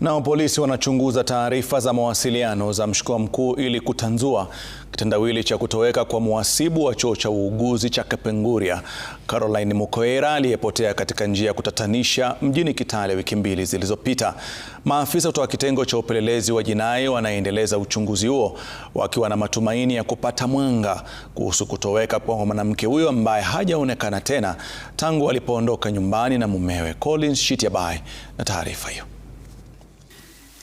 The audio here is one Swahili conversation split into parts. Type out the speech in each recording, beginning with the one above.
Nao polisi wanachunguza taarifa za mawasiliano za mshukiwa mkuu ili kutanzua kitendawili cha kutoweka kwa mhasibu wa chuo cha uuguzi cha Kapenguria, Caroline mukoera aliyepotea katika njia ya kutatanisha mjini Kitale wiki mbili zilizopita. Maafisa kutoka kitengo cha upelelezi wa jinai wanaendeleza uchunguzi huo wakiwa na matumaini ya kupata mwanga kuhusu kutoweka kwa mwanamke huyo ambaye hajaonekana tena tangu alipoondoka nyumbani na mumewe. Collins Shitiabai na taarifa hiyo.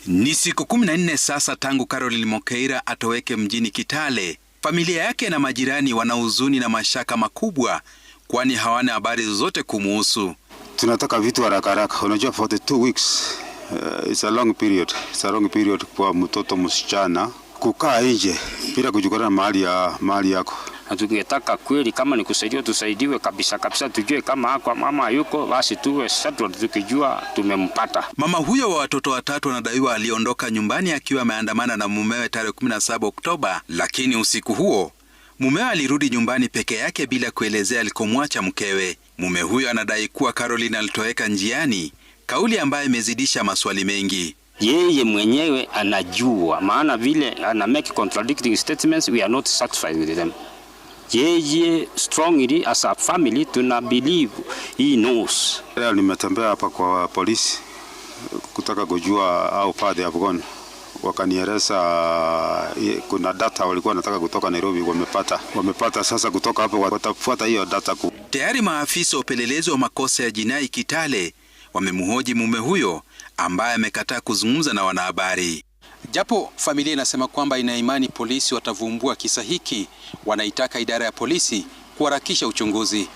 Ni siku 14 sasa tangu Caroline Mokeira atoweke mjini Kitale. Familia yake na majirani wana huzuni na mashaka makubwa, kwani hawana habari zozote kumuhusu. Tunataka vitu haraka haraka, unajua two weeks uh, it's a long period, it's a long period kwa mtoto msichana kukaa nje bila kujulikana mahali ya mahali yako na tukitaka kweli, kama ni kusaidiwa tusaidiwe kabisa kabisa, tujue kama hako mama yuko basi, tuwe settled tukijua tumempata. Mama huyo wa watoto watatu anadaiwa aliondoka nyumbani akiwa ameandamana na mumewe tarehe 17 Oktoba, lakini usiku huo mumewe alirudi nyumbani peke yake bila kuelezea alikomwacha mkewe. Mume huyo anadai kuwa Caroline alitoweka njiani, kauli ambayo imezidisha maswali mengi. Yeye mwenyewe anajua, maana vile ana make contradicting statements, we are not satisfied with them yeye strongly as a family tuna believe he knows. Leo nimetembea hapa kwa polisi kutaka kujua au padhi Afghan wakanieleza eh, kuna data walikuwa wanataka kutoka Nairobi, wamepata wamepata. Sasa kutoka hapo watafuata hiyo data ku. Tayari maafisa wa upelelezi wa makosa ya jinai Kitale wamemhoji mume huyo ambaye amekataa kuzungumza na wanahabari. Japo familia inasema kwamba ina imani polisi watavumbua kisa hiki, wanaitaka idara ya polisi kuharakisha uchunguzi.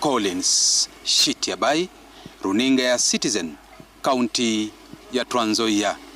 Collins Shitiabai, runinga ya Citizen, kaunti ya Trans Nzoia.